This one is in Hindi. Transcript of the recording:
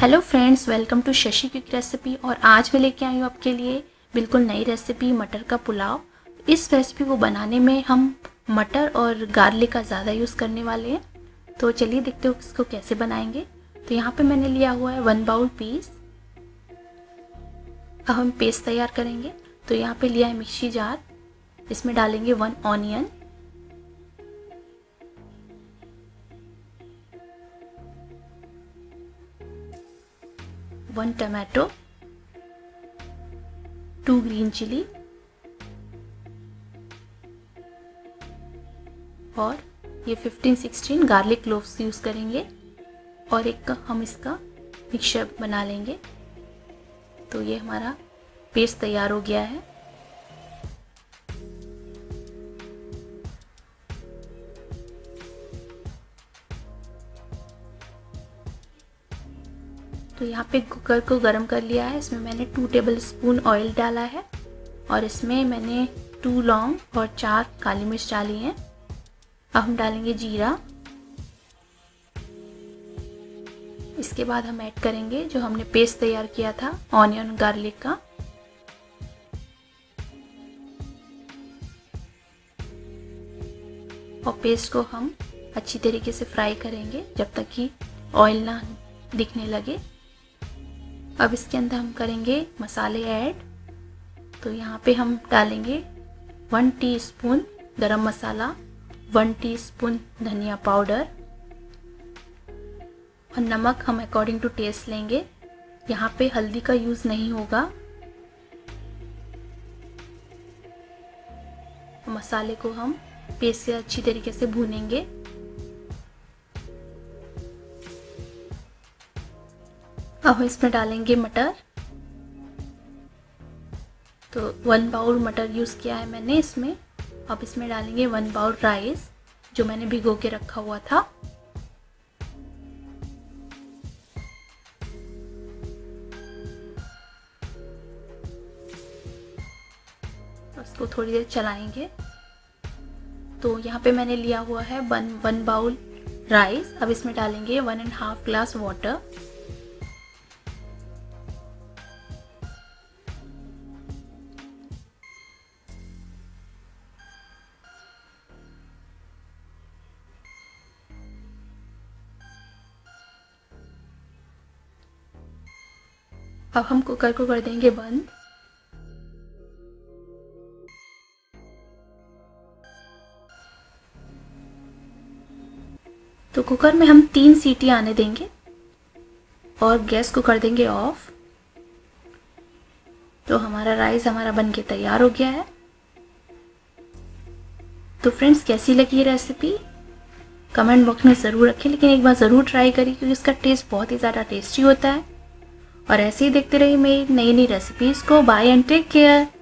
hello friends welcome to Shashi quick recipe और आज मैं लेके आई हूँ आपके लिए बिल्कुल नई रेसिपी मटर का पुलाव इस रेसिपी को बनाने में हम मटर और गार्लिक का ज़्यादा यूज़ करने वाले हैं तो चलिए देखते हो इसको कैसे बनाएंगे तो यहाँ पे मैंने लिया हुआ है वन बाउल पीस अब हम पेस्ट तैयार करेंगे तो यहाँ पर लिया है मिक्सी जार इसमें डालेंगे one onion one tomato two green chili और ये 15-16 गार्लिक क्लोव्स यूज़ करेंगे और एक हम इसका मिक्सचर बना लेंगे तो ये हमारा पेस्ट तैयार हो गया है तो यहाँ पे कुकर को गर्म कर लिया है इसमें मैंने टू टेबल स्पून ऑयल डाला है और इसमें मैंने टू लौंग और चार काली मिर्च डाली हैं अब हम डालेंगे जीरा इसके बाद हम ऐड करेंगे जो हमने पेस्ट तैयार किया था ऑनियन गार्लिक का और पेस्ट को हम अच्छी तरीके से फ्राई करेंगे जब तक कि ऑयल ना दिखने लगे अब इसके अंदर हम करेंगे मसाले ऐड तो यहाँ पे हम डालेंगे one teaspoon garam masala one teaspoon धनिया पाउडर और नमक हम अकॉर्डिंग टू टेस्ट लेंगे यहाँ पे हल्दी का यूज़ नहीं होगा मसाले को हम पेस्ट से अच्छी तरीके से भूनेंगे अब इसमें डालेंगे मटर तो वन बाउल मटर यूज़ किया है मैंने इसमें अब इसमें डालेंगे वन बाउल राइस जो मैंने भिगो के रखा हुआ था उसको थोड़ी देर चलाएंगे तो यहाँ पे मैंने लिया हुआ है वन वन बाउल राइस अब इसमें डालेंगे one and half glass water अब हम कुकर को कर देंगे बंद तो कुकर में हम तीन सीटी आने देंगे और गैस को कर देंगे ऑफ तो हमारा राइस हमारा बन के तैयार हो गया है तो फ्रेंड्स कैसी लगी ये रेसिपी कमेंट बॉक्स में ज़रूर रखें लेकिन एक बार ज़रूर ट्राई करिए क्योंकि इसका टेस्ट बहुत ही ज़्यादा टेस्टी होता है और ऐसे ही देखते रहिए मेरी नई नई रेसिपीज़ को बाय एंड टेक केयर